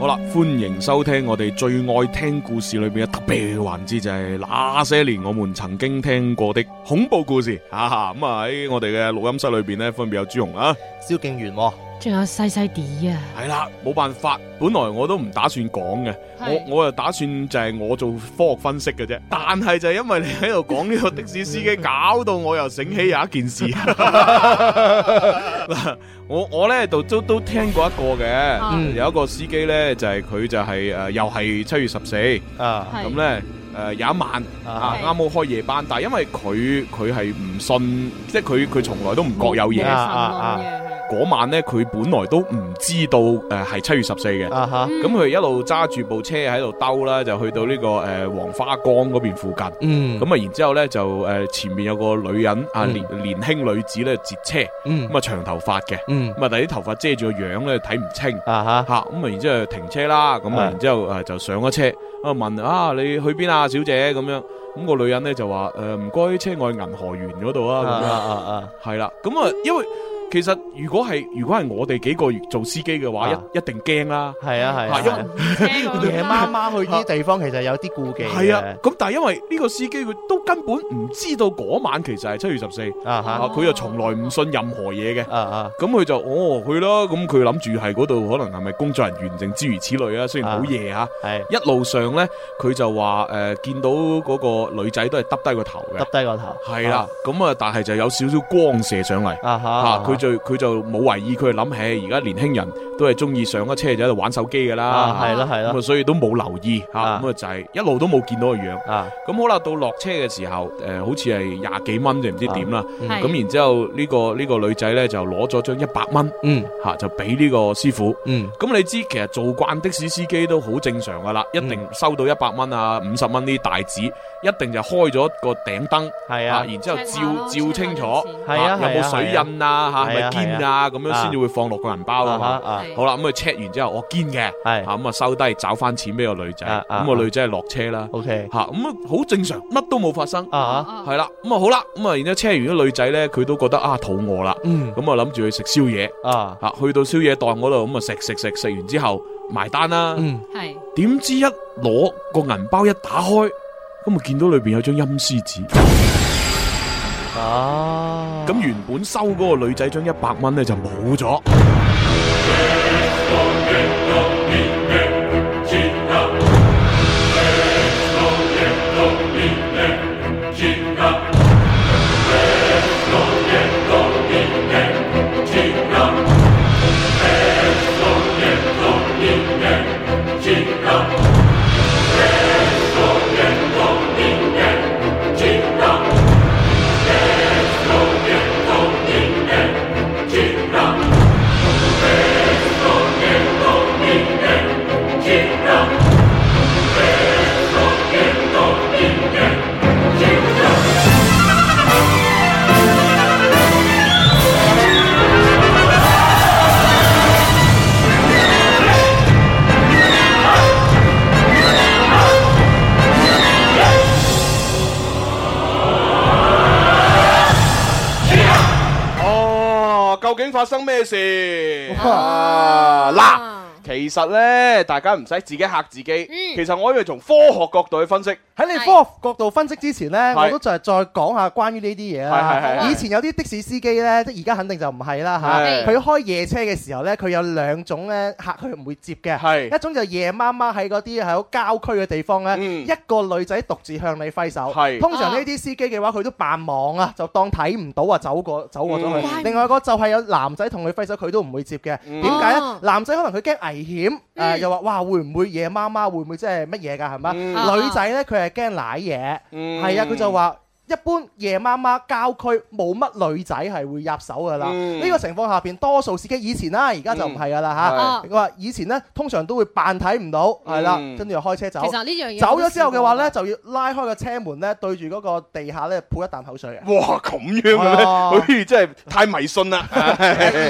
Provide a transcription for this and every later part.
好啦，歡迎收聽我哋最愛聽故事裏面嘅特別環節，就是那些年我們曾經聽過的恐怖故事哈，咁啊喺、啊、我哋嘅錄音室裏面呢，分別有朱紅啊、蕭敬元喎、哦。仲有細細啲啊！係啦，冇辦法，本來我都唔打算講嘅是，我我又打算就係我做科學分析嘅啫。但係就係因為你喺度講呢個的士司機， 搞到我又醒起有一件事。嗱， 我我咧都都都聽過一個嘅，啊、有一個司機咧就係、是、佢就係、是、誒、呃、又係七月十四啊，咁咧誒有一晚啊啱好、啊、開夜班，是但係因為佢佢係唔信，即係佢佢從來都唔覺有嘢啊啊！嗰晚咧，佢本來都唔知道誒係七月十四嘅。咁佢、uh huh. 一路揸住部車喺度兜啦，就去到呢、這個誒、呃、黃花崗嗰邊附近。咁啊、uh，huh. 然之後咧就誒、呃、前面有個女人啊、uh huh. 年年輕女子咧截車，咁啊、uh huh. 長頭髮嘅，咁啊、uh huh. 但啲頭髮遮住個樣咧睇唔清。吓咁、uh huh. 啊，然之後就停車啦，咁、uh huh. 啊，然之後誒就上咗車，啊問啊你去邊啊小姐咁樣，咁、個女人咧就話誒唔該車我去銀河園嗰度啊。係啦，咁啊、uh huh. 因為。其實如果係如果係我哋幾個做司機嘅話，一一定驚啦。係啊係啊，因為夜媽媽去啲地方其實有啲顧忌。係啊，咁但係因為呢個司機佢都根本唔知道嗰晚其實係七月十四。啊佢又從來唔信任何嘢嘅。咁佢就哦去咯，咁佢諗住係嗰度可能係咪工作人員定諸如此類啊？雖然好夜啊，一路上咧，佢就話誒見到嗰個女仔都係耷低個頭嘅，耷低個頭。係啦，咁啊但係就有少少光射上嚟。佢就冇懷疑，佢諗起而家年輕人都係中意上架車就喺度玩手機嘅啦，係咯係咯，咁啊所以都冇留意嚇，咁啊就係一路都冇見到個樣，咁好啦。到落車嘅時候，誒好似係廿幾蚊定唔知點啦，咁然之後呢個呢個女仔咧就攞咗張一百蚊，嚇就俾呢個師傅，咁你知其實做慣的士司機都好正常嘅啦，一定收到一百蚊啊五十蚊啲大紙，一定就開咗個頂燈，嚇，然之後照照清楚，嚇有冇水印啊？係咪堅啊？咁樣先至會放落個銀包啊嘛。好啦，咁啊 check 完之後，我堅嘅，咁啊收低，找翻錢俾個女仔。咁個女仔係落車啦。OK，吓咁啊好正常，乜都冇發生。啊，係啦，咁啊好啦，咁啊然之後 check 完咗女仔咧，佢都覺得啊肚餓啦。嗯，咁啊諗住去食宵夜。啊，吓去到宵夜檔嗰度，咁啊食食食食完之後埋單啦。嗯，係。點知一攞個銀包一打開，咁啊見到裏邊有張陰司紙。啊！咁原本收嗰個女仔張一百蚊咧，就冇咗。發生咩事？其實呢，大家唔使自己嚇自己。其實我喺度從科學角度去分析。喺你科學角度分析之前呢，我都就再講下關於呢啲嘢。以前有啲的士司機呢，即而家肯定就唔係啦。佢開夜車嘅時候呢，佢有兩種呢吓佢唔會接嘅。一種就夜媽媽喺嗰啲喺郊區嘅地方呢，一個女仔獨自向你揮手。通常呢啲司機嘅話，佢都扮忙啊，就當睇唔到啊，走過走過咗去。另外個就係有男仔同佢揮手，佢都唔會接嘅。點解呢？男仔可能佢驚危。危險、呃嗯、又話哇，會唔會夜媽媽，會唔會即係乜嘢㗎係咪？嗯、女仔咧，佢係驚奶嘢，係、嗯、啊佢就話。一般夜媽媽郊區冇乜女仔係會入手㗎啦，呢個情況下邊多數司機以前啦，而家就唔係㗎啦嚇。佢話以前呢，通常都會扮睇唔到係啦，跟住就開車走。其實呢樣嘢走咗之後嘅話呢，就要拉開個車門呢，對住嗰個地下呢，潑一啖口水。哇，咁樣嘅咩？好似真係太迷信啦。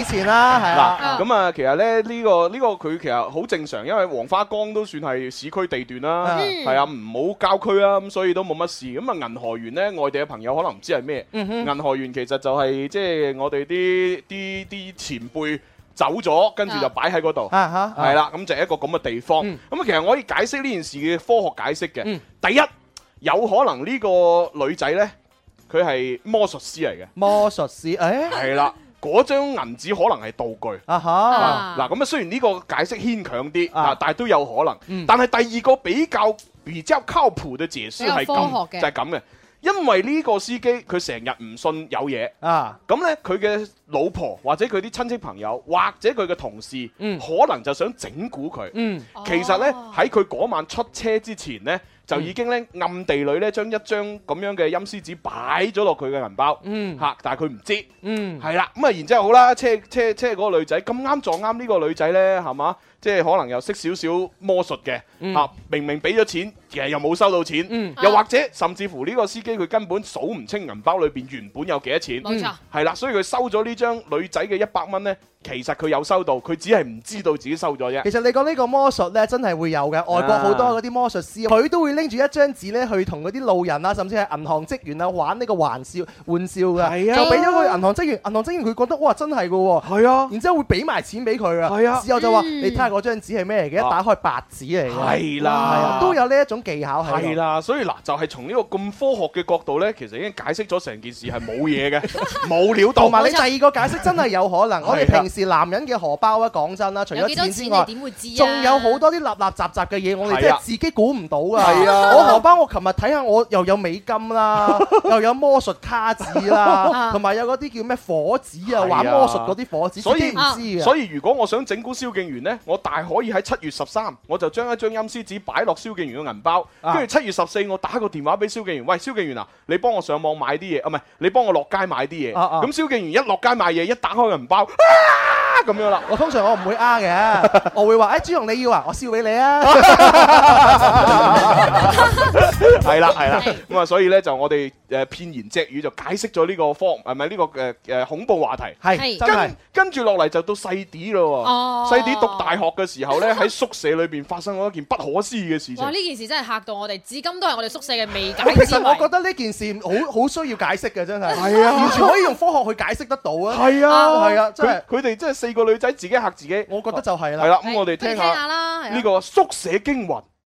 以前啦，係咁啊，其實咧呢個呢個佢其實好正常，因為黃花崗都算係市區地段啦，係啊，唔好郊區啦，咁所以都冇乜事。咁啊銀河園呢。我。我哋嘅朋友可能唔知係咩，銀河員其實就係即係我哋啲啲啲前輩走咗，跟住就擺喺嗰度，係啦，咁就一個咁嘅地方。咁啊、uh，huh. 其實我可以解釋呢件事嘅科學解釋嘅。Uh huh. 第一，有可能呢個女仔呢，佢係魔術師嚟嘅。魔術師，誒 係啦，嗰張銀紙可能係道具。啊嗱，咁啊，雖然呢個解釋牽強啲啊，uh huh. 但係都有可能。Uh huh. 但係第二個比較比較靠譜嘅解釋係咁，的就係咁嘅。因為呢個司機佢成日唔信有嘢啊呢，咁咧佢嘅老婆或者佢啲親戚朋友或者佢嘅同事，嗯、可能就想整蠱佢。嗯、其實呢，喺佢嗰晚出車之前呢，就已經呢暗地裏咧將一張咁樣嘅陰司紙擺咗落佢嘅銀包，吓、嗯，但係佢唔知。係啦，咁啊，然之後好啦，車車車嗰個女仔咁啱撞啱呢個女仔呢，係嘛？即係可能又識少少魔術嘅，啊，明明俾咗錢，其實又冇收到錢，又或者甚至乎呢個司機佢根本數唔清銀包裏邊原本有幾多錢，冇錯，係啦，所以佢收咗呢張女仔嘅一百蚊呢，其實佢有收到，佢只係唔知道自己收咗啫。其實你講呢個魔術呢，真係會有嘅，外國好多嗰啲魔術師，佢都會拎住一張紙呢去同嗰啲路人啊，甚至係銀行職員啊玩呢個玩笑玩笑嘅，就俾咗個銀行職員，銀行職員佢覺得哇，真係㗎喎，係啊，然之後會俾埋錢俾佢啊，係啊，之後就話你睇。嗰張紙係咩嚟嘅？一打開白紙嚟，係啦，都有呢一種技巧係啦。所以嗱，就係從呢個咁科學嘅角度呢，其實已經解釋咗成件事係冇嘢嘅，冇料到。同埋你第二個解釋真係有可能。我哋平時男人嘅荷包啊，講真啦，除咗錢之外，你點會知？仲有好多啲立立雜雜嘅嘢，我哋真係自己估唔到啊。係啊，我荷包我琴日睇下，我又有美金啦，又有魔術卡紙啦，同埋有嗰啲叫咩火紙啊，玩魔術嗰啲火紙，所以唔知啊。所以如果我想整蠱蕭敬元呢。大可以喺七月十三，我就將一張陰司紙擺落蕭敬元嘅銀包，跟住七月十四，我打個電話俾蕭敬元，喂，蕭敬元啊，你幫我上網買啲嘢，唔、啊、係你幫我落街買啲嘢。咁、啊啊、蕭敬元一落街買嘢，一打開銀包，啊，咁樣啦。我通常我唔會呃嘅、 哎，我會話，誒，朱龍你要啊，我燒俾你啊。 係啦，係啦，咁啊，所以咧就我哋誒片言隻語就解釋咗呢個科，係咪呢個恐怖話題？係，跟住落嚟就到細啲咯喎。哦，細啲讀大學嘅時候咧，喺宿舍裏面發生咗一件不可思議嘅事情。呢件事真係嚇到我哋，至今都係我哋宿舍嘅未解之謎。其實我覺得呢件事好好需要解釋嘅，真係。係啊，完全可以用科學去解釋得到啊。係啊，啊，佢哋真係四個女仔自己嚇自己。我覺得就係啦。係啦，咁我哋聽下啦，呢個宿舍驚魂。